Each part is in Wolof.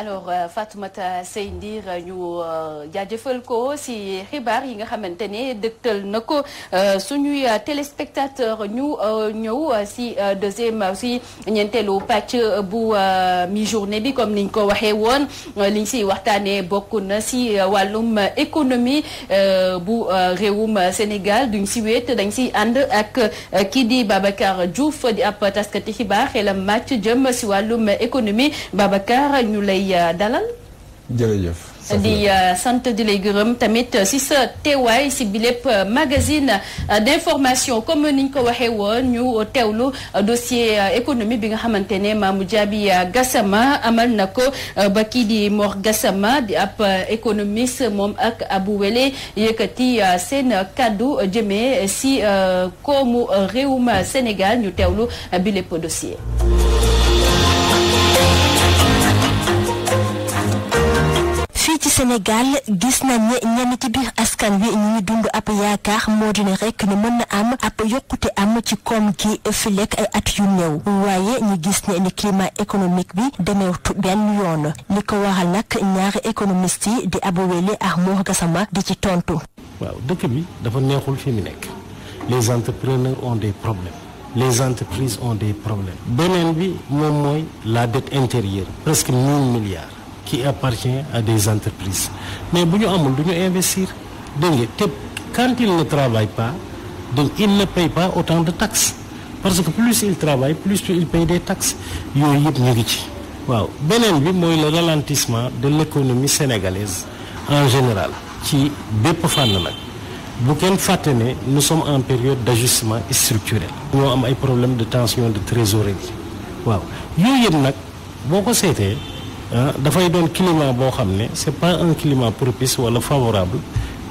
alors euh, Fatoumata Seye Ndir euh, ñu euh, jaajëfal ko si xibaar yi nga xamante ne dëgtal na ko suñuy téléspectateur ñu ñëw si deuxième si ñeenteelu pàcc bu mi journée bi comme ni niñ ko waxee woon liñ si waxtaanee bokk na si wàllum économie bu réewum Sénégal duñ si wéet dañ si ànd ak kii di Babacar Diouf di ab taskati xibaar xelam màcc jëm si wàllum économie Babacar ñu lay. lay euh, dalal. Euh, sant di lay gërëm tamit euh, si sa teewaay si bi lépp magazine d'information comme niñ ko waxee woon ñu teewlu dossier économie bi nga xamante ne Mamou Diaby Gassama amal na ko ba kii di Mor Gassama di ab économiste moom ak Abou Wele yëkkati seen kàddu jëmee si komu réewum Sénégal ñu teewlu bi dossier. ci Sénégal gis nañ ne ñenn ci biir askan wi ñu ngi dund ab yaakaar moo di ne rek ne mën na am ab yokkute am ci koom gi fileek ay at yu néew waaye ñu gis ne ni climat économique bi demeewtu benn yoon li ko waral nag ñaari économistes yi di Abouwele ak Mour Gassama di ci tontu. waaw dëkk bi dafa neexul fi mu nekk les entrepreneurs ont des problèmes. les entreprises ont des problèmes beneen bi moom mooy la dette intérieure presque milliards qui appartient à des entreprises mais bu ñu amul du ñu investir dégg nga te quand il ne travaille pas donc il ne paye pas autant de tax parce que plus il travaille plus il paye des taxes yooyu yëpp ñu ngi ci waaw beneen bi mooy le ralentissement de l'économie sénégalaise en général ci bépp fànn nag bu kenn fàtte ne nous sommes en période d'ajustement structurel ñoo am ay problème de tension de trésorerie waaw yooyu yëpp nag boo ko seetee Ah, dafay doon climat boo xam ne c'est pas un climat propice wala favorable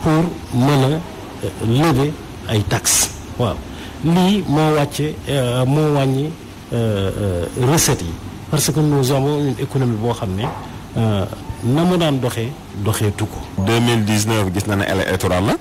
pour mën a euh, lever ay taxes waaw lii moo wàcce euh, moo wàññi euh, recettes yi parce que nous avons une économie boo xam ne na mu daan doxee doxeetu ko. 2019 gis na ne électoral la.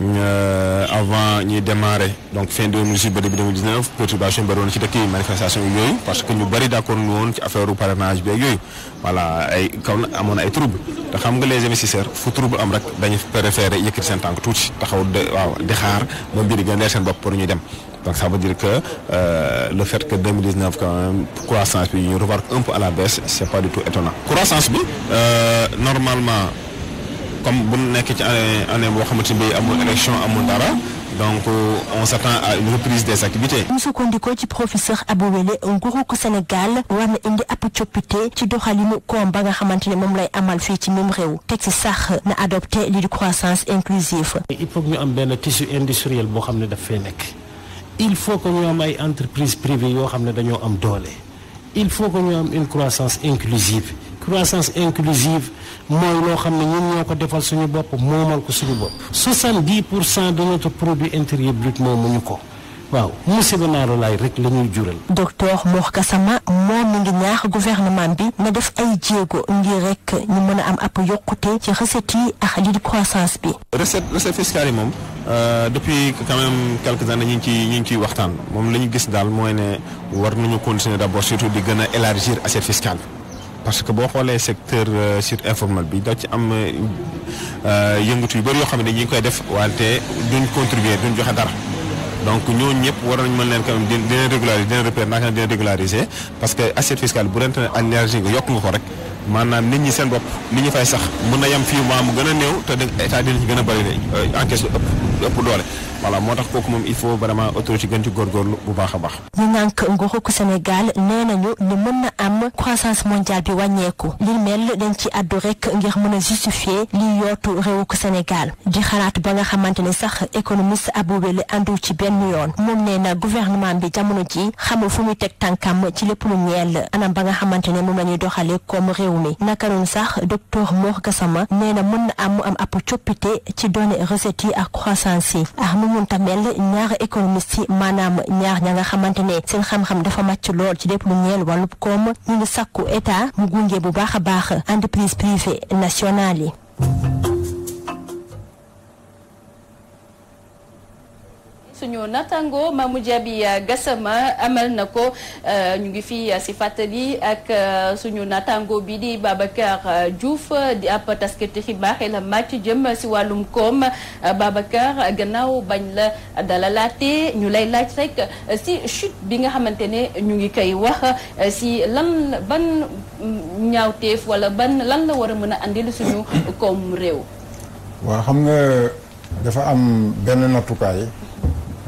Euh, avant ñuy démarrer donc fin 2018 ba début 2019 perturbation bari woon ci dëkk yi manifestation yi yooyu parce que ñu bari d'accord ñu woon ci affaire parrainage bi ak yooyu voilà ay kaw na amoon ay trouble te xam nga les investisseurs fu trouble am rek dañu préféré yëkkati seen tànk tuuti taxaw de waaw di xaar ba mbir gën a leer seen bopp pour ñu dem donc ça veut dire que euh, le fait que 2019 quand croissance bi ñu remarque un peu à la baisse c'est pas du tout étonnant croissance bi euh, normalement comme bu nekk ci année année boo xamante ni amul élection amul dara donc euh, on s'attend à une reprise des activités. bu sukkandikoo ci professeur Abou Wele nguuru ko Sénégal war na indi ab coppite ci doxalinu koom ba nga xamante ne moom lay amal fii ci moom réew teg ci sax na adopté li di croissance inclusive. il faut ñu am benn tissu industriel boo xam ne daf fay nekk il faut que ñu am ay entreprises privées yoo xam ne dañoo am doole il faut que ñu am une croissance croissance inclusive moom loo xam ne ñun ñoo ko defal suñu bopp moomal ko suñu bopp. 70 pour cent de notre produit intérieur brut moomuñu ko. waaw musiba naaru laay rek la ñuy jural. docteur Mor Kasama moom mi ngi ñaax gouvernement bi na def ay jéego ngir rek ñu mën a am ab yokkute ci recette yi ak li di croissance bi. recette recette fiscale yi moom euh, depuis quand même quelques années ñu ngi ñu ngi ciy waxtaan moom la ñu gis daal mooy ne war nañu continuer d'abord surtout di gën a élargir assiette fiscale. parce que boo xoolee secteur euh, sur informel bi doo ci am euh, euh, yëngatu yu bëri yoo xam ne dañuy koy def wante duñ contribuer duñ joxe dara donc ñooñu ñëpp war nañ mën leen quand même dina régulariser dina repérer naka dina régulariser parce que assiette fiscale bu rente énergie nga yokk nga ko rek. maanaam nit ñi seen bopp nit ñi fay sax mën na yem fii maa mu gën a néew te état ci gën a bëri de euh, ëpp doole voilà moo tax kooku moom il faut vraiment autorité gën ci góorgóorlu bu baax a baax. ñu nànk nguurug Sénégal nee nañu li mën na am croissance mondiale bi wàññeeku li mel dañ ci àddu ngir mën a justifier liy yootu réewug Sénégal di xalaat ba nga xamante ne sax économiste Abou Wele àndu ci benn yoon moom nee na bi jamono ji réew mi naka noonu sax docteur Mor Gassama nee na mën na am mu am ab coppite ci doone recettes yi ak croissance yi ak ah, nu mun tamel ñaar économistes yi maanaam ñaar ña nga xamante ne seen xam-xam dafa màcc lool ci lépp lu ñeel wàllub koom ñu ngi sàkku état mu gunge bu baax a baax entreprise privée nationale yi suñu natango Mamou Diaby euh, Gassama amal na ko euh, ñu ngi fi euh, si fàttali ak suñu natango bi di Babacar Diouf di ab taskati xibaar la màcc jëm si wàllum koom Babacar gannaaw bañ la dalalaate ñu lay laaj rek si chute bi nga xamante ne ñu ngi koy wax si lan ban ñaawteef wala ban lan la war a mën a andil suñu koom réew. waaw xam nga dafa am benn nattukaay.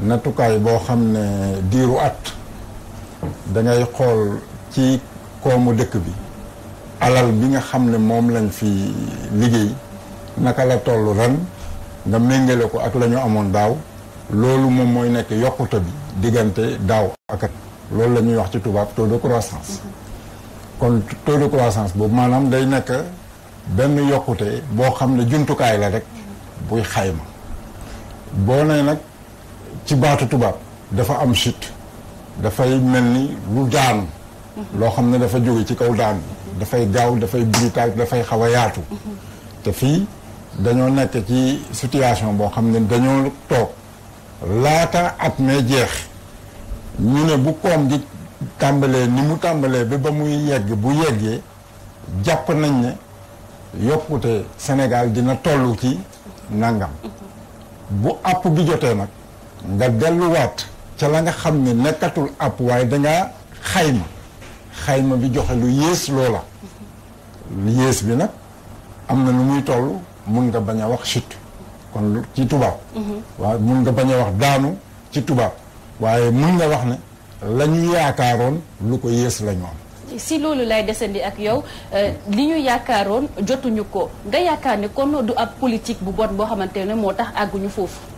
nattukaay boo xam ne diiru at dangay xool ci koomu dëkk bi alal bi nga xam ne moom lañ fi liggéey naka la toll ren nga méngale ko ak la ñu amoon daaw loolu moom mooy nekk yokkute bi diggante daaw ak loolu la ñuy wax ci tubaab taux de croissance kon taux de croissance boobu maanaam day nekk benn yokkute boo xam ne jumtukaay la rek buy xayma boo nee nag ci baatu tubaab dafa am chute dafay mel ni lu daanu loo xam ne dafa jóge ci kaw daanu dafay gaaw dafay brutal dafay xaw a yaatu te fii dañoo nekk ci situation boo xam ne dañoo toog laata at mee jeex ñu ne bu koom gi tàmbalee ni mu tàmbalee bi ba muy yegg bu yeggee jàpp nañ ne yokkute Sénégal dina tollu ci nangam bu àpp bi jotee nag nga delluwaat ca la nga xam ne nekkatul app waaye dangaa xayma xayma bi joxe lu yées loola lu yées bi nag am na lu muy toll mun nga bañ a wax chute kon ci tubaab mhm. waaw mun nga bañ a wax daanu ci tubaab waaye mun nga wax ne la yaakaaroon lu ko yées la ñu am si loolu lay desandi ak yow euh, li ñu yaakaaroon jotuñu ko nga yaakaar ne kon du ab politique bu boot boo xamante ne moo tax àgguñu foofu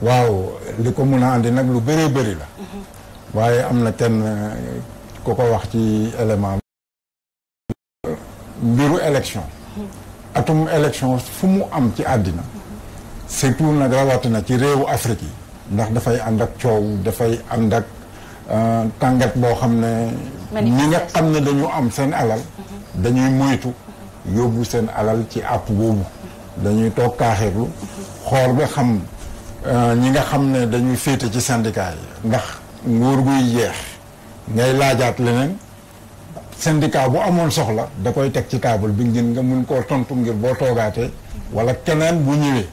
waaw li ko mun a andi lu bëree bëri la. Mhm. waaye am na kenn euh, ku ko wax ci élément mbiru élection. Mhm. atum élection fu mu am ci àddina. Mhm. surtout nag na ci réewu Afrique yi. ndax dafay ànd ak coow dafay ànd ak euh, tàngat boo xam ne. ñi nga xam ne dañu am seen alal. dañuy moytu. yóbbu seen alal ci àpp boobu. dañuy toog kaaxeerlu xool ba xam. Euh, ñi nga xam ne dañuy féete ci syndicat yi ndax nguur guy jeex ngay laajaat leneen syndicat bu amoon soxla da koy teg ci table bi ngeen nga mun koo tontu ngir boo toogaatee wala keneen bu ñëwee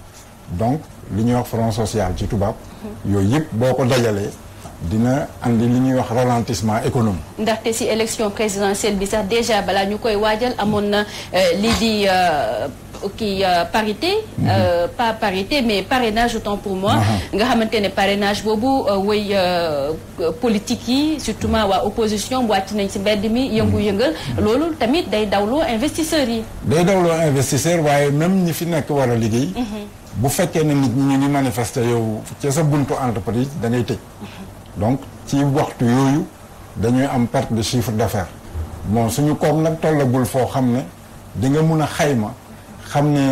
donc li ñuy wax front social ci tubaab mhm. yooyu yëpp boo ko dajalee dina andi li ñuy wax ralentissement économie ndaxte ci élection présidentielle bi sax déjà balaa ñu koy waajal amoon na euh, lii di. Euh, kii euh, parité. Euh, mhm. pas parité mais parrainage autant pour moi. Ah ah. nga xamante ne parrainage boobu euh, woy politique yi surtout ma waa opposition wàcc nañ si mbedd mi yëngu-yëngal mhm. loolu tamit day dawloo investisseurs yi. day dawloo investisseur waaye même ñi fi nekk war a liggéey. Mhm. bu fekkee na nit ñi ñu ngi manifester yow ci sa buntu entreprise da tëj. donc ci waxtu yooyu dañuy am perte de chiffre d'affaires. bon suñu koom nag tollagul foo xam ne di mun a xayma. xam ne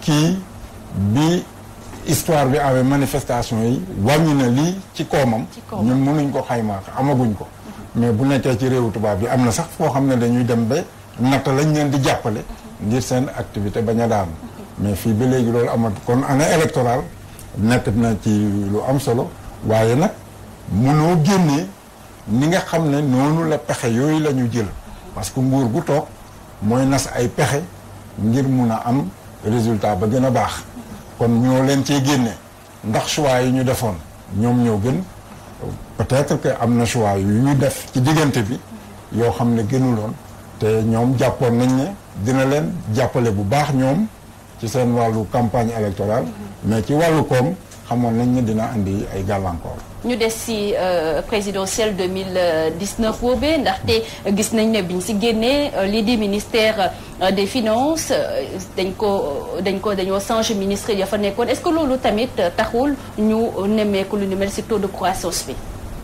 kii bi histoire bi amee manifestation yi wàññi na lii ci koomam ñun mënuñ ko xaymaa amaguñ ko mais bu nekkee ci réewu tubaab bi am na sax foo xam ne dañuy dem ba nata lañ leen di jàppale ngir seen activité bañ a daanu mais fii ba léegi loolu amat kon année électorale nett na ci lu am solo waaye nag mënoo génnee ni nga xam ne noonu la pexe yooyu lañu jël parce que nguur gu toog mooy nas ay pexe ngir mun a am résultat ba gën a baax kon ñoo leen cee génne ndax choix yi ñu defoon ñoom ñoo gën peut-être que am na choix yu ñu def ci diggante bi yoo xam ne gënuloon te ñoom jàppoon nañ ne dina leen jàppale bu baax ñoom ci seen wàllu campagne électorale mais ci wàllu koom xamoon nañ ne dina andi ay gàllankoor. ñu des si euh, présidentielle 2019 boobee ndaxte gis nañ ne bi biñ si génnee euh, lii di ministère euh, des finances dañ ko dañ ko dañoo changé ministre ya fa nekkoon est-ce que loolu tamit taxul ñu nemeeku lu ni mel si taux de croissance bi.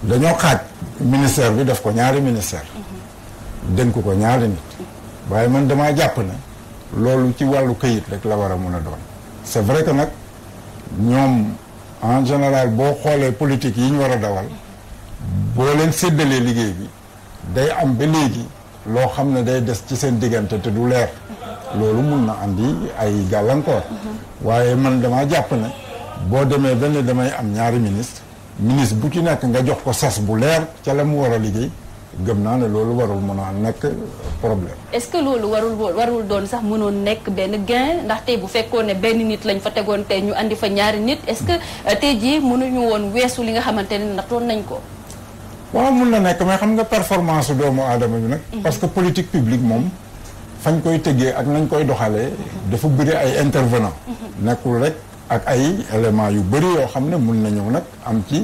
dañoo xaaj ministère bi def ko ñaari ministère mhm. dénk ko ñaari nit. waaye man damaa jàpp na loolu ci wàllu këyit rek la war a mun a doon. c'est vrai que nag ñoom. en général boo xoolee politique yi ñu war a dawal boo leen séddalee liggéey bi day am ba léegi loo xam ne day des ci seen diggante te du leer loolu mun na indi ay gàllankoor waaye man damaa jàpp ne boo demee benn damay am ñaari ministre ministre bu ci nekk nga jox ko sas bu leer ca la mu war a liggéey gëm naa ne loolu warul mën a nekk problème. est-ce que loolu warul warul doon sax mënoon nekk benn gain ndax tey bu fekkoon ne benn nit lañ fa tegoon tey ñu indi fa ñaari nit est-ce que euh, tey jii mënuñu woon weesu li nga xamante ne nattoon nañ ko. waaw mun na nekk mais xam nga performance doomu aadama ñu nag. Mhm. parce que politique publique moom. fañ koy tëggee ak nañ koy doxalee. dafa bëri ay intervenant mhm. nekkul rek ak ay éléments yu bëri yoo xam ne mun na ñëw nag am ci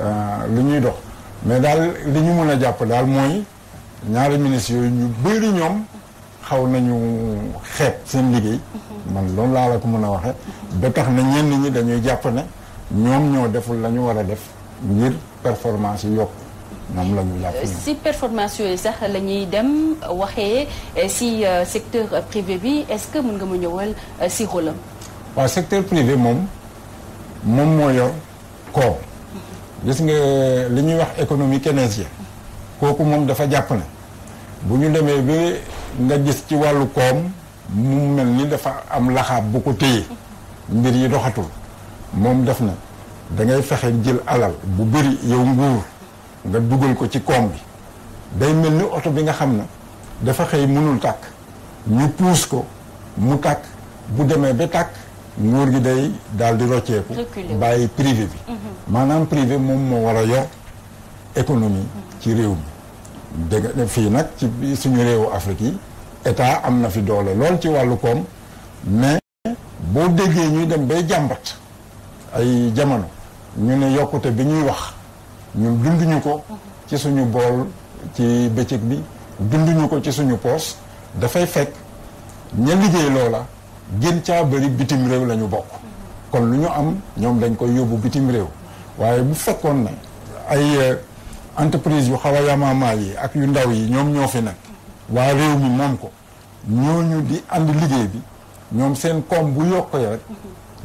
euh, lu ñuy dox. mais daal li ñu mën a jàpp daal mooy ñaari ministres yooyu ñu bëri ñoom xaw nañu xeet seen liggéey. man loolu laa la ko mën a waxee. ba tax na ñenn ñi dañuy jàpp ne ñoom ñoo deful la ñu war a def ngir performance yi yokk ñoom la ñu jàpp si performance yooyu sax la ñuy dem waxee si euh, secteur privé bi est-ce que mën nga ma ñëwal euh, si rôle am. waaw secteur privé moom moom moo yor koom. gis nga li ñuy wax économie keynésienne kooku moom dafa jàpp ne bu ñu demee bi nga gis ci wàllu koom mu mel ni dafa am laxaab bu ko téye mbir yi doxatul moom def na da ngay fexe jël alal bu bëri yow nguur nga dugal ko ci koom bi day mel ni oto bi nga xam ne dafa xëy mënul tàkk ñu puus ko mu tàkk bu demee ba tàkk nguur gi day daal di rocceeku bàyyi privé bi mhm. maanaam privé moom moo war a yor économie mhm. ci réew mi dégg fii nag ci suñu réewu Afrique yi état am na fi doole lool ci wàllu koom mais boo déggee ñuy dem bay jàmbat ay jamono ñu ne yokkute bi ñuy wax ñu dunduñu ko mhm. ci suñu bool ci bëccëg bi dunduñu ko ci suñu poos dafay fekk ña liggéey loola gën caa bëri bitim réew lañu bokk kon lu ñu am ñoom dañ koy yóbbu bitim réew waaye bu fekkoon na ay euh, entreprise yu xaw a yi ak yu ndaw yi ñoom ñoo fi nag waa réew mi moom ko ñooñu di ànd liggéey bi ñoom seen koom bu yokkee rek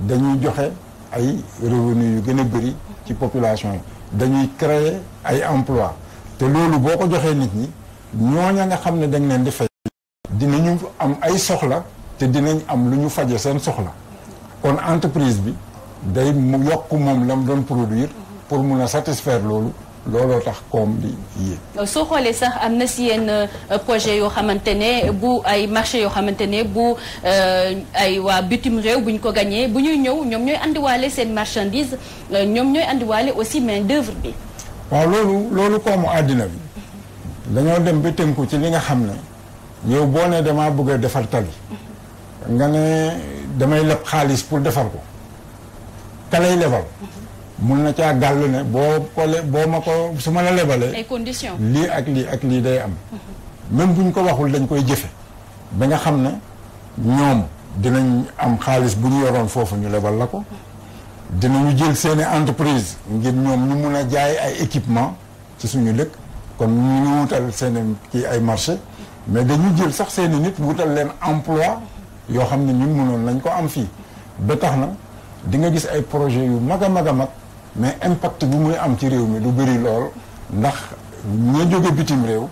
dañuy joxe ay revenu yu gën a bëri ci population yi dañuy créer ay emploi te loolu boo ko joxee nit ñi ñoo ña nga xam ne dañ leen di dina ñu am ay soxla te dinañ am lu ñu faje seen soxla kon entreprise bi day mu yokk moom la mu doon produire pour mun a satisfaire loolu looloo tax koom di yéeg. Euh, soo xoolee sax am na si yenn euh, projet yoo xamante ne bu ay marché yoo xamante ne bu euh, ay waa bitim réew bu ñu ko gañee bu ñuy ñëw ñoom ñooy indiwaale seen marchandise ñoom ñooy indiwaale aussi main d'œuvre bi. waaw loolu loolu koomu àddina bi dañoo dem ba tënku ci li nga xam ne yow boo nee damaa bëgg defar tali. nga ne damay leb xaalis pour defar ko ka lay lebal mhm. mun na caa gàll ne boo ko le boo ma ko su ma la lebalee ay conditions lii ak lii ak lii day am mhm. même buñ ko waxul dañ koy jëfe ba nga xam ne ñoom dinañ am xaalis bu ñu yoroon foofu ñu lebal la ko mhm. dinañu jël seeni entreprise ngir ñoom ñu mun a jaay ay équipement ci suñu dëkk kon ñu wutal seeni kii ay marché mais dañu jël sax seeni nit wutal leen emploi yoo xam ne ñun mënoon nañ ko am fii ba tax na di nga gis ay projet yu mag a mag a mag mais impact bu muy am ci réew mi du bëri lool ndax ña jóge bitim réew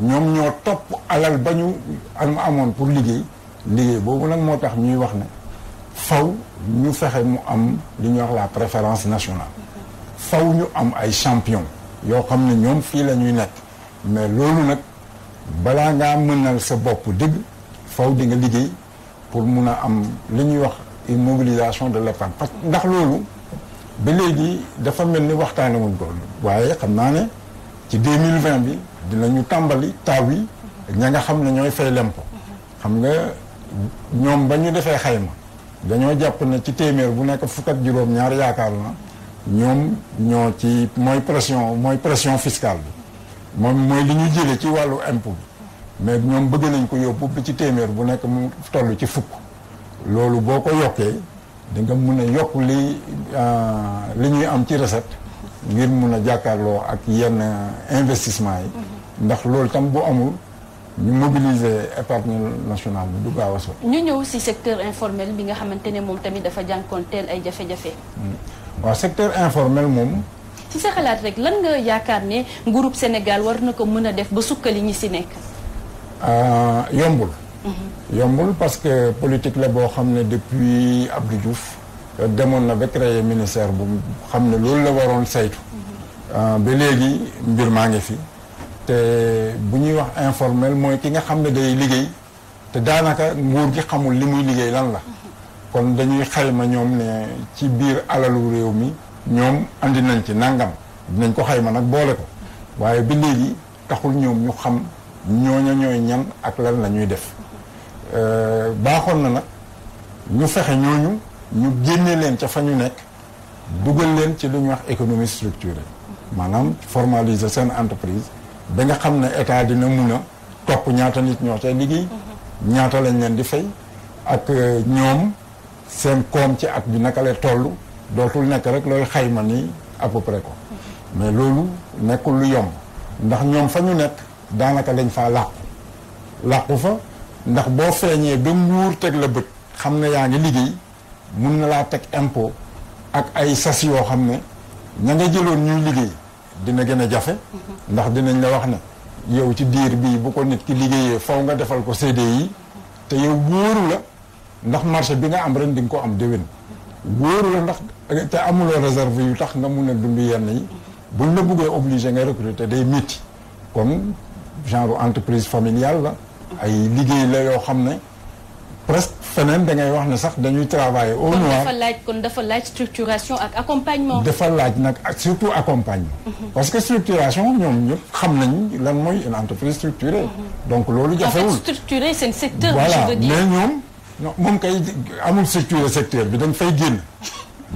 ñoom ñoo topp alal ba ñu am amoon pour liggéey liggéey boobu nag moo tax ñuy wax ne faw ñu fexe mu am lu ñuy wax la préférence nationale faw ñu am ay champion yoo xam ne ñoom fii la ñuy nekk mais loolu nag balaa ngaa mënal sa bopp dëgg faw di nga liggéey pour mun a am li ñuy wax une mobilisation de l'épargne parce que ndax loolu ba léegi dafa mel ni waxtaane wuñ ko waaye xam naa ne ci mille 2020 bi dinañu tàmbali taw yi ña nga xam ne ñooy fay lempo xam nga ñoom ba ñu defee xayma dañoo jàpp ne ci téeméer bu nekk fukk ak juróom ñaar yaakaar na ñoom ñoo ci mooy pression mooy pression fiscale bi moom mooy li ñuy jëlee ci wàllu impôt bi mais ñoom bëgg nañ ko yóbbu bi ci téeméer bu nekk mu tollu ci fukk loolu boo ko yokkee di nga mun a yokk li euh, li ñuy am ci recette ngir mun a jàkkaarloo ak yenn investissement yi ndax loolu tam bu amul ñu mobiliser épargne nationale bi du gaaw a sotti ñu ñëw si secteur informel bi nga xamante ne moom tamit dafa jànkoonteel ay jafe-jafe hmm. waaw secteur informel moom si sa xalaat rek lan nga yaakaar ne nguurub Sénégal war na ko mën a def ba sukkali ñi si nekk Euh, yombul. Mhm. yombul parce que politique la boo xam ne depuis Abdou Diouf euh, demoon na ba créer ministère bu xam ne loolu la waroon saytu. Mhm. Euh, ba léegi mbir maa ngi fi te bu ñuy wax informel mooy ki nga xam ne day liggéey te daanaka nguur gi xamul li muy liggéey lan la. Mhm. kon dañuy xayma ñoom ne ci biir alalu réew mi ñoom andi nañ ci nangam nañ ko xayma nag boole ko waaye ba léegi taxul ñoom ñu xam. ñooña ñooy ñan ak lan la ñuy def euh, baaxoon na nag ñu fexe ñooñu ñu génne leen ca fa ñu nekk dugal leen ci lu ñuy wax économie structurée maanaam formaliser seen entreprise ba nga xam ne état dina mun a topp ñaata nit ñoo cay liggéey ñaata lañ leen di fay ak euh, ñoom seen koom ci at bi naka la toll dootul nekk rek looy xayma ni à peu ko mais loolu nekkul lu yomb ndax ñoom fa ñu nekk daanaka dañ faa làqu làqu fa ndax boo feeñee ba nguur teg la bët xam ne yaa ngi liggéey mun na laa teg impôt ak ay sas yoo xam ne ña nga jëloon ñuy liggéey dina gën a jafe mm-hmm. ndax dinañ la wax ne yow ci diir bi bu ko nit ki liggéeyee faw nga defal ko yi te yow wóoru la ndax marché bi nga am ren di nga ko am déwén wóoru la ndax te amuloo réserve yu tax nga mun a dund yenn yi mm-hmm. buñ la buggee obligé nga recruter day métti kon genre entreprise familiale la ay liggéey la yoo xam ne presque feneen da wax ne sax dañuy travailler au noir dafa laaj kon dafa laaj structuration ak accompagnement. dafa laaj nag ak surtout accompagnement. Mhm. parce que structuration ñoom ñëpp xam nañ lan mooy une entreprise structurée. Mhm. donc loolu jafewul en fait seen secteur. voilà mais ñoom. non moom kay amul structuré secteur bi dañ fay génn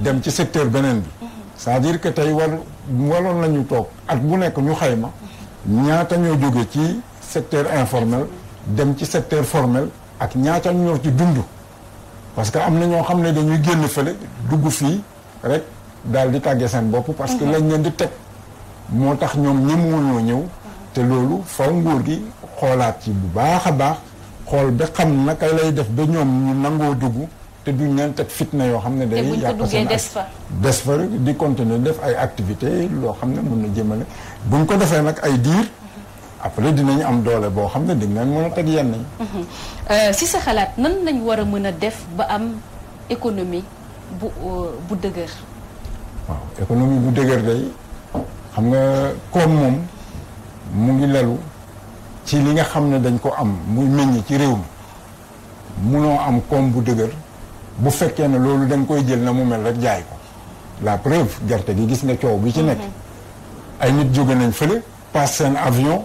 dem ci secteur beneen bi. Mhm. sa à dire que tey war waroon nañu toog ak bu nekk ñu xayma. ñaata ñoo jóge ci secteur informel dem ci secteur formel ak ñaata ñoo ci dund parce que am na ñoo xam ne dañuy génn fële dugg fii rek daal di tàggee seen bopp parce que mhm. lañ leen di teg moo tax ñoom ñëmuñoo ñëw te loolu faw nguur gi xoolaat ci bu baax a baax xool ba xam naka lay def ba ñoom ñu nangoo dugg te duñ leen teg fitna yoo xam ne day yàq seen des fa di continuer def ay activité loo xam ne mën na jëmale bu ñu ko defee nag ay diir après dinañ am doole boo xam ne dañ leen mën a teg yenn yi. Mhm. Euh, si sa xalaat nan lañ war a mën a def ba am économie bu euh, bu dëgër. waaw économie bu dëgër day xam nga koom moom mu ngi lalu ci li nga xam ne dañ ko am muy meññ ci réew mi munoo am koom bu dëgër bu fekkee ne loolu dañ koy jël na mu mel rek jaay ko la preuve gerte gi gis nga coow bi ci nekk. Mhm. ay nit jóge nañ fële paas seen avion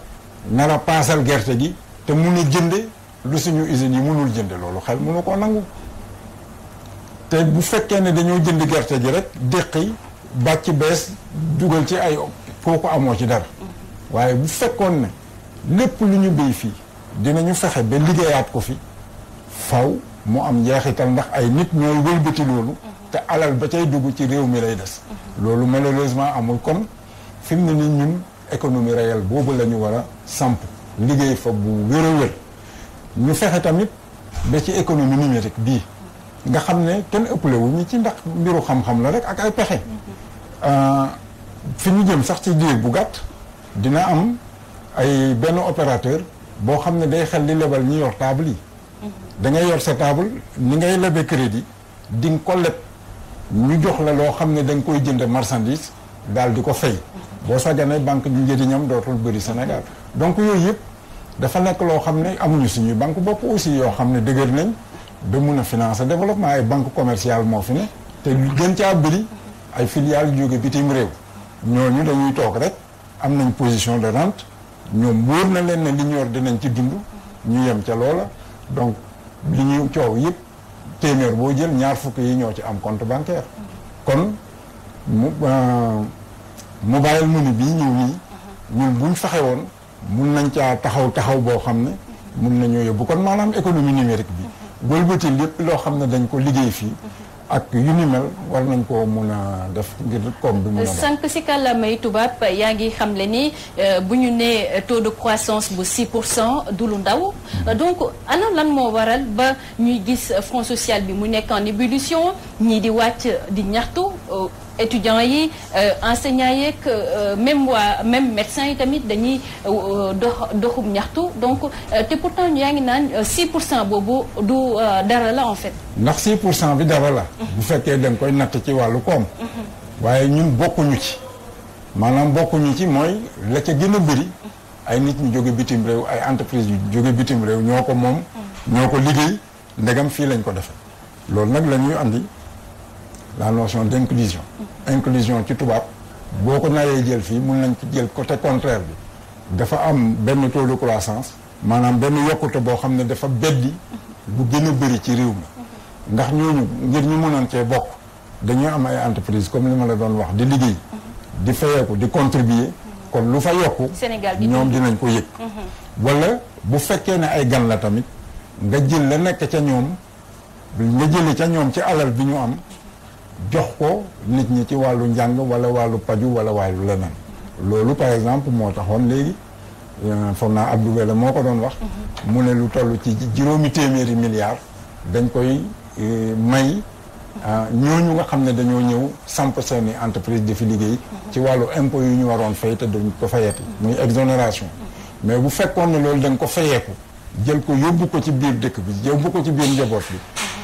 nar paasal gerte gi te mun a jënde lu suñu usines yi mënul jënde loolu xel mënu koo nangu te bu fekkee ne dañoo jënd gerte gi rek déqi bàcc bees dugal ci ay kooku amoo ci dara waaye bu fekkoon ne lépp lu ñu béy fii ñu fexe ba liggéeyaat ko fi faw mu am njeexital ndax ay nit ñooy wëlbati loolu mm-hmm. te alal ba cay dugg ci réew mi lay des mm-hmm. loolu malheureusement amul kon fi ne nii ñun économie réelle boobu la ñu war a samp liggéey fa bu wér ñu fexe tamit ba ci économie numérique bii nga xam ne kenn ëppale wu ñu ci ndax mbiru xam-xam la rek ak ay pexe fi ñu jëm sax ci diir bu gàtt dina am ay benn opérateur boo xam ne day xel di lebal ñu yor table yi da ngay yor sa table ni ngay lebe crédit di nga ko leb ñu jox la loo xam ne da nga koy jënd marchandise daal di ko fay boo sàgganee banque njëriñam dootul bëri Sénégal donc yooyu yëpp dafa nekk loo xam ne amuñu suñuy banque bopp aussi yoo xam ne dëgër nañ ba mun a financer développement ay banque commerciale moo fi ne te lu gën caa bëri ay filiales jóge bitim réew ñooñu dañuy toog rek am nañ position de rente ñoom wóor na leen ne li ñor dinañ ci dund ñu yem ca loola donc li ñuy coow yëpp téeméer boo jël ñaar fukk yi ñoo ci am compte bancaire kon mu euh, mobile money bii ñëw nii ñun buñ fexe woon mun nañ caa taxaw taxaw boo xam ne mun nañoo yóbbu kon maanaam économie numérique bi wëlbati lépp loo xam ne dañ ko liggéey fii ak yu ni mel war nañ koo mun a def ngir koom bi mun a sànq si kàllaamay tubaab yaa ngi xam xamle ni euh, bu ñu nee taux de croissance bu 6 pour cent du lu ndaw hmm. donc ana lan moo waral ba ñuy gis front sociale bi mu nekk en ébullition ñii di wàcc di ñaxtu euh, étudiants yi euh, enseignants yeeg euh, même waa même médecins yi tamit dañuy euh, dox doxum ñaxtu donc te pourtant yaa ngi naan 6 pour cent boobu du dara la en fait. ndax 6 pour cent bi dara la. bu fekkee da nga koy natt ci wàllu koom. waaye ñun bokkuñu ci. maanaam bokkuñu ci mooy la ca gën a bëri. ay nit ñu jóge bitim réew ay entreprise yu jóge bitim réew ñoo ko moom. ñoo ko liggéey ndegam fii lañ ko defee. loolu nag la am andi. la notion d' inclusion. inclusion ci tubaab boo ko naree jël fii mun nañ ci jël côté contraire bi dafa am benn taux de croissance maanaam benn yokkute boo xam ne dafa beddi lu gën a bëri ci réew mi ndax ñooñu ngir ñu mënoon cee bokk dañuy am ay entreprise comme li ma la doon wax di liggéey di fayeeku di contribuer kon lu fa yokku ñoom dinañ ko yëg mhm. wala bu fekkee ne ay gan la tamit nga jël la nekk ca ñoom nga jële ca ñoom ci alal bi ñu am jox ko nit ñi ci wàllu njàng wala wàllu paju wala wàllu leneen loolu par exemple moo taxoon léegi euh, foog naa Abdou Wele moo ko doon wax mm-hmm. mu ne lu toll ci juróomi téeméeri milliards dañ koy euh, may euh, ñooñu nga xam ne dañoo ñëw samp seeni entreprise di fi liggéey mm-hmm. ci wàllu impôt yu ñu waroon fay te dañ ko fayeeku muy exonération mm-hmm. mais bu fekkoon ne loolu dañ ko fayeeku jël ko yóbbu ko ci biir dëkk bi yóbbu ko ci biir njaboot bi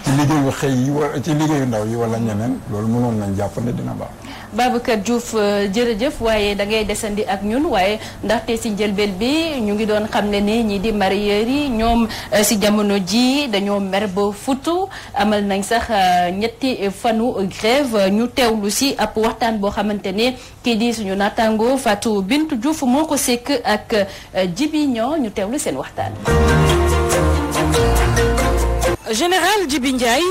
ci liggéeyu xëy yi wala ci liggéeyu ndaw yi wala ñeneen loolu mënoon nañ jàpp ne dina baax. Babacar Diouf euh, jërëjëf waaye da ngay desandi ak ñun waaye ndaxte ci njëlbeel bi ñu ngi doon xam ne ni ñii di mareyeur yi ñoom si euh, jamono ji dañoo mer ba futu amal nañ sax euh, ñetti fanu grève ñu teewlu si ab waxtaan boo xamante ne kii di suñu naataango Fatou bintu Diouf moo ko sekk ak Jibi ñoo ñu teewlu seen waxtaan. général Djibi njaay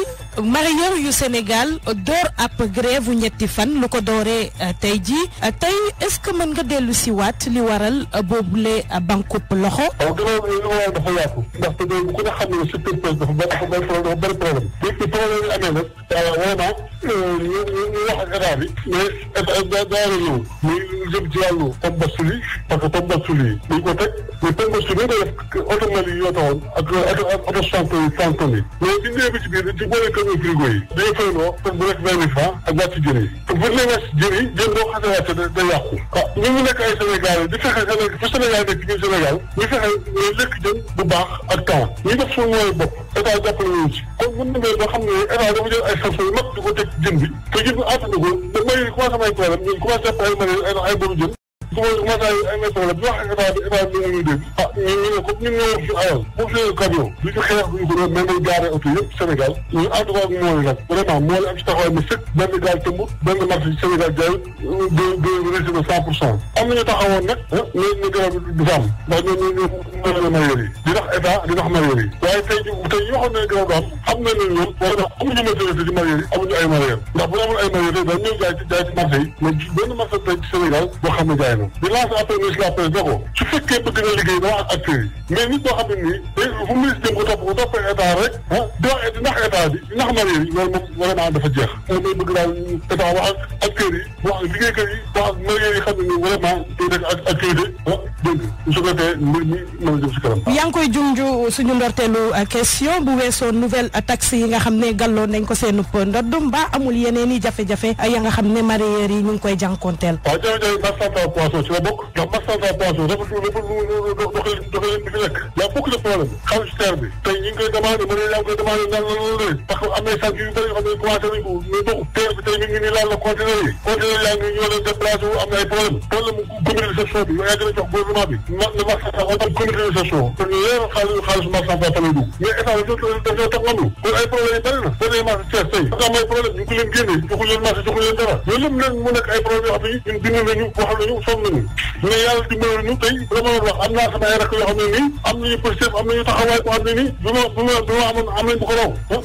mareyeur yu Sénégal door ab grève ñetti fan lu ko dooree tey ji tey est-ce que mën nga dellu si waat li waral boobule bankup loxo. waaw gannaaw li o dafa yaatu ndaxte bu ko xam ne surtout dafa dafa bëri problème dafa bëri problème o problème yi amee nag vraiment ñu ñu wax ak état bi ko mais PEMPOS bi ñu ko def oto mel yi oto oto cent cent tonnes yi. bi ñu ñëwee ba ci biir ci boole camion frigo yi. dañoo fayandoo pour bu nekk vingt mille francs ak wàcc jën yi. te bu ñu nee wàcc jën yi jën boo xasee wàcc da day yàqu. waaw ñun ñu nekk ay Sénégalais di fexe Sénégal fu Sénégal nekk ci biir Sénégal ñu fexe lekk jën bu baax ak temps ñu def suñu mooy bopp état jàppale ñu ci. kon bu ñu demee ba xam ne état dafa jël ay sanction yu ko teg jën bi te jën bi àttanu ko da may commencé may problème ñun commencé ay ay boru mooy maanaam ay météo bi wax ak état bi état bi ñu ngi dégg. ah ñu ne comme ñu ngi wax ci alal bu fekkee camion bi ñu xeex bu ñu ko doon mel ni gaare oto yëpp Sénégal ñu ànd ko ak mool nag vraiment mool ak ci taxawaay ma sëkk benn gaal tëmb benn marché Sénégal jaay de de réussite de cent pour cent am nañu taxawoon nag ah mais ñu garab du fa am ndax ñoom ñoo ñoo mën a mayeer yi di tax état di tax mayeer yi waaye tey jii tey ñi waxoon ne garab du am xam nañ ne ñoom war na amuñu maturité ci mayeer yi amuñu ay mayeer ndax bu ñu amul ay mayeer dañ ñëw jaay ci jaay ci marché yi mais benn marché tey ci Sénégal boo xam ne jaay na di lancer appel monsieur le président ko su fekkee bëgg na liggéey dama ak acteurs yi mais nit boo xam ne nii day fu mu jëm ko topp ko toppee état rek ah di wax ndax état bi ndax mareyeur yi loolu moom vraiment dafa jeex mooy bëgg daal état wax ak acteurs yi wax liggéeykat yi wax ak mareyeur yi xam ne nii vraiment day nekk ak acteurs yi ah dégg nga su ko defee mbir mi mën a jëm si kanam yaa ngi koy junj suñu ndorteelu question bu weesoo nouvelle taxe yi nga xam ne gàlloon nañ ko seen ndodd mbaa amul yeneen i jafe-jafe ya nga xam ne mareyeur yi ñu ngi koy jànkonteel waaw jërëjëf poisson ci la bokk ndax marchandise à poisson dafa dafa doxalin doxalin bi fi nekk y' a beaucoup de problème xaalis terre bi tey ñu ngi koy demandé mën nañu koy demandé naan la loolu rek parce que am na sànq yu bëri yoo xam ne commencé nañ ko mais bokk terre bi tey ñu ngi nii laal la conteneur yi conteneur yaa ngi ñoo leen déplacé wu am na ay problème problème comité de gestion bi yaa gën a jox gouvernement bi ma le marchandise on am comité de gestion te ñu leer xaalis xaalis marchandise à tamit dugg mais état bi dafa tax am lu kon ay problème yi bëri na boo dee marché Thiès tey dafa am ay problème ñu ngi ko leen génne joxu leen marché joxu leen dara loolu lépp nag mu nekk ay problème yoo xam ne ñun bind nañu wax nañu xam na ni bu ne yàlla dimbali ñu tey la ma wax am naa sama ay rakk yoo xam ne nii am nañu pëstef am nañu taxawaay boo ko raw pour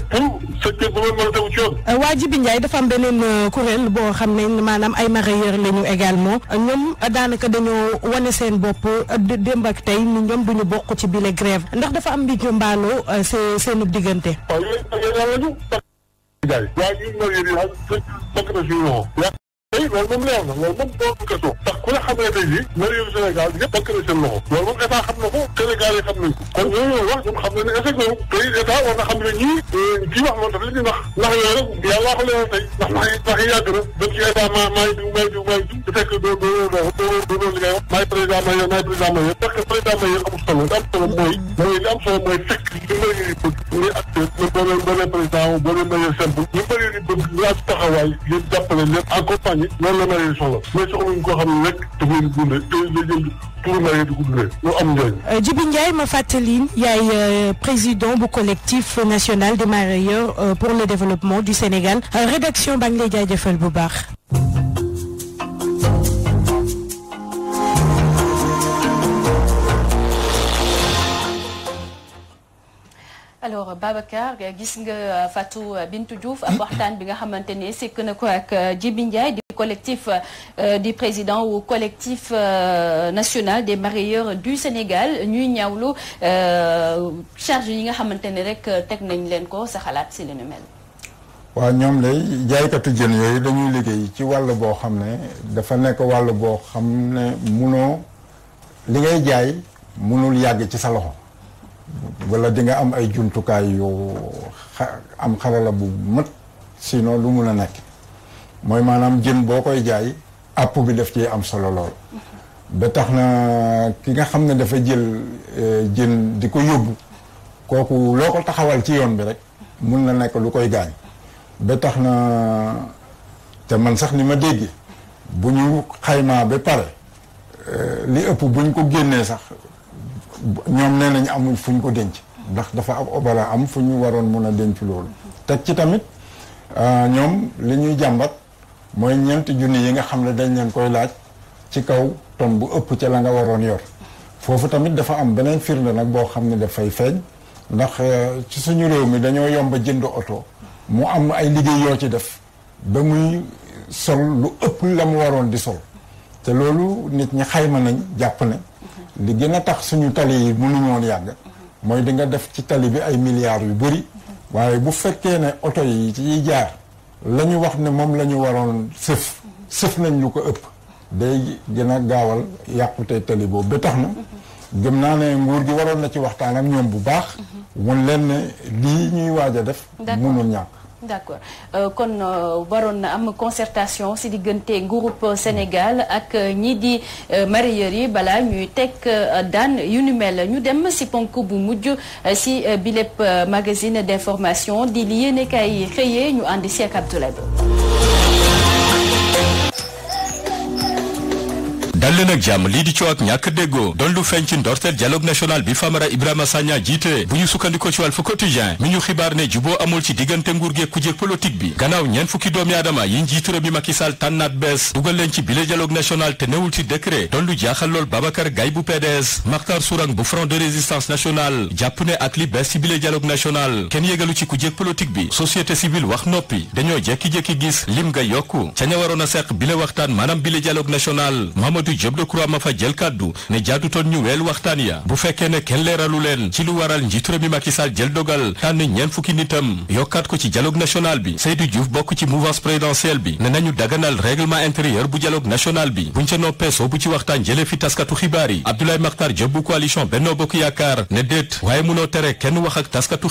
pour ma mën a tegu ci yoon euh, waa dafa am beneen euh, boo xam ne maanaam ay mareyeur la ñu également ñoom daanaka dañoo wane seen bopp euh, démb ak tey ni ñoom duñu bokk ci bile grève ndax dafa am mbir ñu mbaaloo see seenub diggante waaw yooyu yàlla lañu waaye ñun mareyeur yi bëgg na suñu oui loolu moom leer na loolu moom doon du question ndax ku ne xam ne tey jii maire yu Sénégal yëpp ak seen loxo loolu moom état xam na ko Sénégal yi xam nañ ko kon ñooñu wax ñun xam nañ ne échec boobu tey état war na xam ne ñii euh, kii wax moom daf leen di nax ndax yooyu rek yàlla ko leeral tey ndax wax yi wax yi yàgg na dem ci état maa maay diw maay diw maay diw fekk doo doo doo doo li ngay wax maay président ma yow maay président ma yow parce que président ma yow amul solo li am solo mooy mooy li am solo mooy fekk li mbëri yi bëgg ngay acteur man boo leen boo leen président boo leen mayor simple ñu mbëri yi bëgg ñu am taxawaay yéen jàppale leen accompagner loolu la mairie yi soxla mais soxla ñu koo xam ne rek daf leen dundee day jël turu mairie di ko dundee lu am njëriñ. Euh, Djibi Ndiaye ma fàttali yaay euh, président bu collectif national des marailleurs euh, pour le développement du Sénégal rédaction baa ngi lay jaajëfal bu baax. alors Babacar gis nga Fatou Bintou Diouf ak waxtaan bi nga xamante ne sekk na ko ak Djibi Ndiaye collectif euh, euh, du président ou collectif euh, national des mareyeurs du Sénégal ñuy ñaawlu charge yi nga xamante ni rek teg nañ leen ko sa xalaat si li nu mel. waaw ñoom lay jaaykatu jën yooyu dañuy liggéey ci wàll boo xam ne dafa nekk wàll boo xam ne munoo li ngay jaay munul yàgg ci sa loxo wala di nga am ay jumtukaay yu am xarala bu mat sinon lu mun a nekk mooy maanaam jën boo koy jaay àpp bi def ci am solo lool ba tax na ki nga xam ne dafa jël eh, jën di ko yóbbu kooku loo ko taxawal ci yoon bi rek mun na nekk lu koy gaañ ba tax na te man sax ni ma dégg bu ñu xaymaa ba pare eh, li ëpp buñ ko génnee sax ñoom nee nañ amul fuñ ko denc ndax dafa am obala am fu ñu waroon mun a denc loolu teg ci tamit eh, ñoom li ñuy jàmbat mooy ñeenti junni yi nga xam ne dañ leen koy laaj ci kaw ton bu ëpp ca la nga waroon yor foofu tamit dafa am beneen firnde nag boo xam ne dafay feeñ ndax euh, ci suñu réew mi dañoo yomba jënd oto mu am ay liggéey yoo ci def ba muy sol lu ëpp la mu waroon di sol te loolu nit ñi xayma nañ jàpp ne di gën a tax suñu tali yi mënuñoon yàgg mooy di nga def ci tali bi ay milliards yu bëri waaye bu fekkee ne oto yi ci jaar la ñu wax ne moom la ñu waroon sëf sëf nañ lu ko ëpp day gën a gaawal yàqute tali boobu ba tax na gëm naa ne nguur gi waroon na ci waxtaan ak ñoom bu baax mhm. wan leen ne lii ñuy waaja def mënul ñàkk d'accord euh, kon euh, waroon na am concertation si diggante groupe euh, Sénégal ak ñii di mareyeur yi balaa ñuy teg daan yu ni mel ñu dem si ponk bu mujj si bilép magazine d'information di li yéene kay xëyee ñu ànd si ak Abdoulaye Ba dal leen ak jàmm lii di coow ñàkk déggoo doon lu feeñ ci ndorteel dialogue national bi Famara Ibrahima Sagna jiite bu ñu sukkandikoo ci Walf Quotidien mi ñu xibaar ne juboo amul ci diggante nguur gi kuje politique bi gannaaw ñeent fukki doomi aadama yi njiitu réew mi tànnaat bees dugal ci bile dialogue national te newul ci décret doon lu jaaxal lool Babacar Gaye bu PDS Makhtar Sourang bu Front de Résistance Nationale jàpp ne ak li bees a seq bile waxtaan Mamadou Diop Decroix ma fa jël kàddu ne jaadutoon ñu weel waxtaan ya bu fekkee ne kenn leeralu leen ci lu waral njiitu réew mi jël dogal tànn ñeent fukki nitam yokkaat ko ci dialogue national bi Seydou Diouf bokk ci mouvance présidentielle bi ne nañu daganal règlement intérieur bu dialogue national bi buñ ca noppee soo ci waxtaan jëlee fi taskatu xibaar yi Abdoulaye Makhtar Diop bu coalition Benno Bokk Yaakaar ne déet waaye munoo tere kenn wax ak taskatu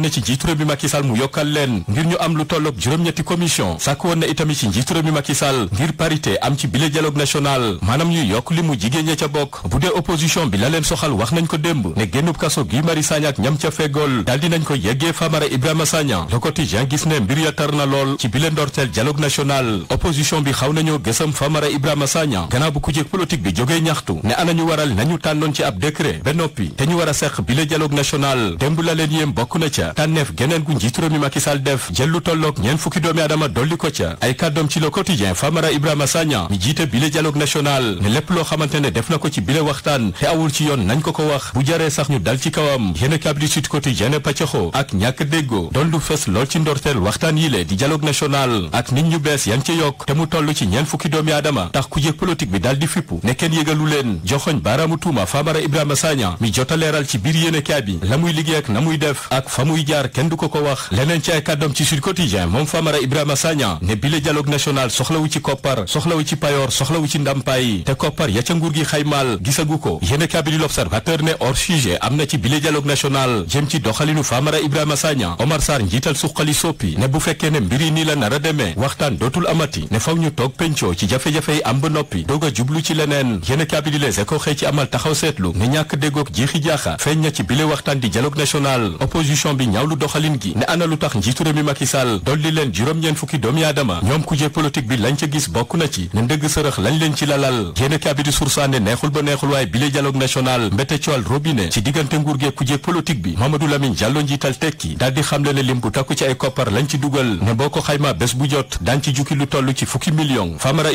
woon na ci njiitu réew mi Macky Sall mu yokkal leen ngir ñu am lu tolloog juróom-ñetti commission sàkk woon na itamit ci njiitu mi Macky ngir parité am ci bile dialogue national maanaam ñu yokk li mu jigéen ña ca bokk bu dee opposition bi la leen soxal wax nañ ko démb ne génnub kaso Guy Marius Sagna ak ñam ca fegool daal dinañ ko yeggee Famara Ibrahima Sagna Le Quotidien gis ne mbir ya tar na lool ci bile ndorteel dialogue national opposition bi xaw nañoo gësam Famara Ibrahima Sagna gannaaw bu kujéeg bi jógee ñaxtu ne anañu waral nañu tànnoon ci ab décret ba noppi te ñu war a na tànneef geneen gu njiitu réew mi Macky Sall def jël lu tolloog ñeent fukki doomi adama dolli ko ca ay kàddoom ci le quotidien Famara Ibrahima Sagna mi jiite bile dialogue national ne lépp loo xamante ne def na ko ci bile waxtaan te awul ci yoon nañ ko ko wax bu jaree sax ñu dal ci kawam yéen a kab di sud quotidien paccaxoo ak ñàkk déggoo doon lu fës lool ci ndorteel waxtaan yi le di dialogue national ak nit ñu bees yan ci yokk te mu toll ci ñeent fukki doomi adama tax ku jëg politique bi dal di fippu ne kenn yëgalu leen joxoñ baaraamu tuuma Famara Ibrahima Sagna mi jota leeral ci biir yéen a kaab bi la muy liggéey na muy muy jaar kenn du ko ko wax leneen ci ay kàddoom ci Sud Quotidien moom Famara Ibrahima Sagna ne bile dialogue national soxlawu ci koppar soxlawu ci payoor soxlawu ci ndàmpaay te koppar ya nguur gi xaymaal gisagu ko yéen kabili ne hors sujet am na ci bile dialogue national jëm ci doxalinu Famara Ibrahima Sagna Omar Sarr njiital suqali soppi ne bu fekkee ne mbiri nii la nar a demee waxtaan dootul amati ne faw ñu toog pencoo ci jafe-jafe a di ñaawlu doxalin gi ne ana lu tax njiitu réew mi juróom-ñeen fukki doomi aadama ñoom kujee politique bi lañ ca gis bokk na ci ne ndëgg sërëx lañ leen ci lalal yéen a kaabi di neexul ba neexul waaye bile dialogue national coal robinet ci diggante nguur gee kujee politique bi Mamadou Lamine Diallo njiital tekki daal xamle ne lim bu takku ci ay koppar lañ ci dugal ne boo ko xayma bés bu jot daan ci jukki lu toll ci fukki million Famara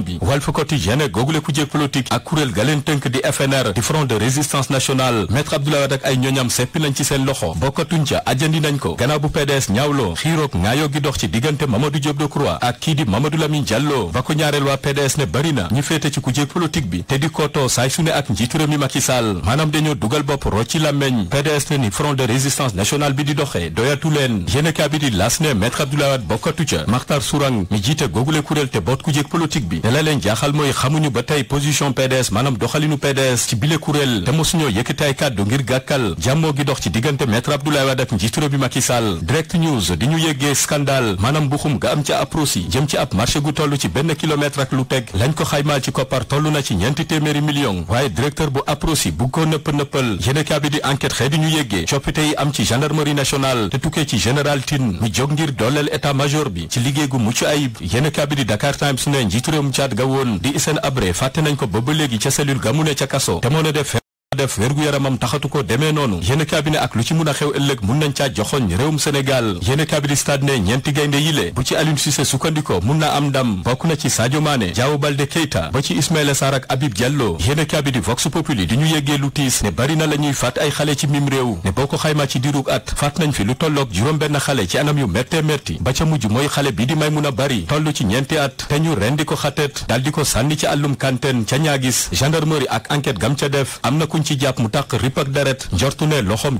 bi Walf Quotidien googu la kujje ak kuréel ga leen tënk di FNR di front de résistance nationale maître Abdoulaye Wade ak ay ñoñam seppi nañ ci seen loxo bokkatuñ ca ajandi nañ ko gannaaw bu PDS ñaawloo xiiroog ngaayoo gi dox ci diggante Mamadou Diop Decroix ak kii di Mamadou Lamine Diallo ba ko ñaareel waa PDS ne bari na ñu féete ci kujje politique bi te di koto saay su ne ak njiitu réew mi Macky Sall dañoo dugal bopp rocci làmmeñ PDS ne ni front de résistance nationale bi di doxee doyatu leen yéenekaay bi di las ne maître Abdoulaye Wade bokkatu ca Makhtar Sourang jiite googule kuréel te boot kujje politique bi jaaxal mooy xamuñu ba tey position PDS maanaam doxalinu PDS ci bile kuréel te mosuñoo yëkkati kàddu ngir gàkkal jàmmoo gi dox ci diggante maître Abdoulaye Wade ak njiitu réew bi Macky Sall direct news di ñu yéggee scandale maanaam mbuxum nga am ca aprosi jëm ci ab marché gu toll ci benn kilomètre ak lu teg lañ ko xaymaal ci koppar toll na ci ñeenti téeméeri million waaye directeur bu aprosi bu ko nëpp nëppal yéene kaa di enquête xëy ñu yéggee coppite am ci gendarmerie nationale te ci général Tine mu jóg ngir dooleel état major bi ci liggéey gu mucc ayib yéene woon di Hissène Habré fàtte nañ ko ba ba ca cellule ga ca kaso te moo ne def wér yaramam taxatu ko demee noonu yéene kaabine ak lu ci mun a xew ëllëg mun nañ caa joxoñ réewum Sénégal yéene kaabine stade ne ñeenti gaynde yile bu ci Aliou Cissé sukkandiko mun na am ndam bokk na ci Sadio Mané Diao Baldé Keita ba ci Ismaïla Sarr ak Habib Diallo yéene kaabine Vox Populi di ñu yeggee lu tiis ne bari na la ñuy faat ay xale ci mim réew ne boo ko xaymaa ci diirug at faat nañ fi lu tolloog juróom-benn xale ci anam yu méttee métti ba ca mujj mooy xale bii di Maymuna Bari toll ci ñeenti at te ñu rendi ko xatet dal di ko sànni ci àllum kanteen ca ñaagis gendarmerie ak enquête gam ca def am na ku kuñ ci jàpp mu tàq rip ak deret jortu ne loxoom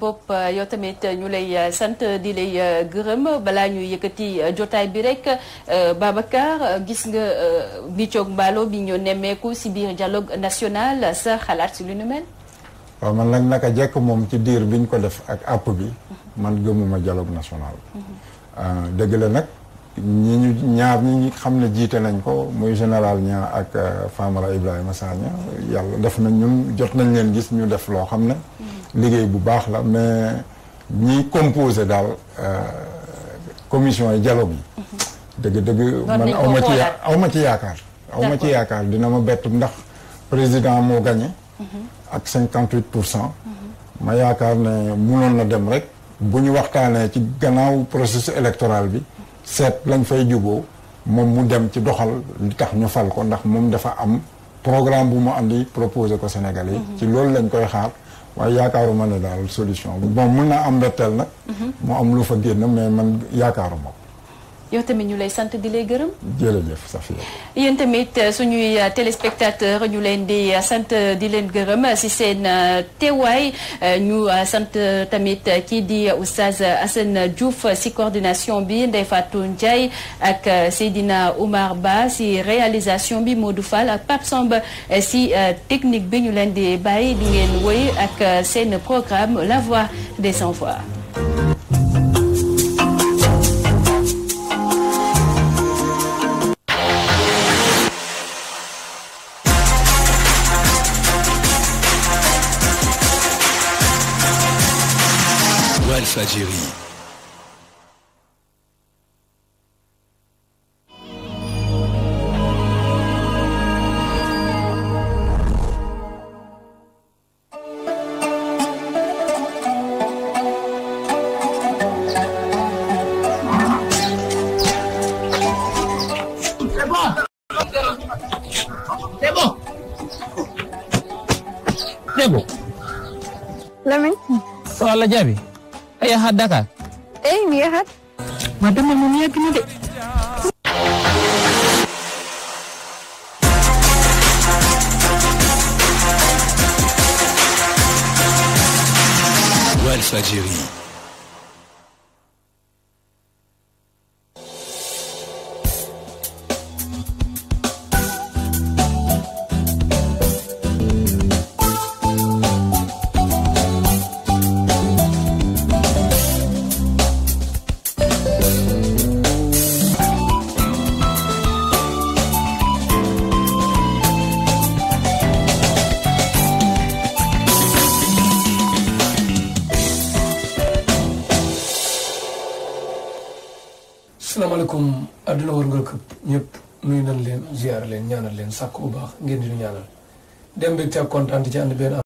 Bopp yow tamit ñu lay euh, sant di lay euh, gërëm bala ñuy yëkkati euh, jotaay bi rekk Babacar gis nga Bicoog Mballo bi ñu nemmeeku ci biir dialogue national sa xalaat ci lu nu mel. waaw man nag naka jekk moom ci diir biñ ko def ak àpp bi man gëmuma dialogue national euh, dëgg la nag ñi ñu ñaar ñi ñu xam ne jiite nañ ko muy général ñaa ak euh, Famara Ibrahima Sagna yàlla def na ñun jot nañ leen gis ñu def loo xam ne liggéey bu baax la mais ñi composé daal euh, commission yi dialogue yi dëgg-dëgg man aw ma ci aw ma ci yaakaar aw ma ci yaakaar dina ma bett ndax président moo gagné mhm. ak cinquante huit pour cent. ma yaakaar ne munoon na dem rek. bu ñu waxtaanee ci gannaaw processus électoral bi. seet lañ fay juboo moom mu dem ci doxal li tax ñu fal ko ndax moom dafa am programme bu mu andi proposé ko sénégal yi. Mhm. ci loolu lañ koy xaar. waaye yaakaaruma ne daal solution. bon mun naa am mbetteel nag. Mhm. mu am lu fa génn mais man yaakaaruma ko. yow tamit ñu lay sant di lay gërëm. jërëjëf Safia. yéen tamit euh, suñuy euh, téléspectateur ñu leen di euh, sant di leen gërëm si seen teewaay ñu sant tamit kii di oustaz Assane Diouf si coordination bi Ndeye Fatou Ndiaye ak Seydina Oumar Ba si réalisation bi Modou Fall ak Pape Samba si technique bi ñu leen di bàyyi di ngeen woy ak seen programme La Voix des Sans Voix. Algérie. Lamine. Wala Jaabi ay Ahad Dakar. eh nii Ahad. ma dama moom yàgg na de. Walfadjri ziar leen ñaanal leen sàkku bu baax ngeen di ñaanal dem bi teg kontaan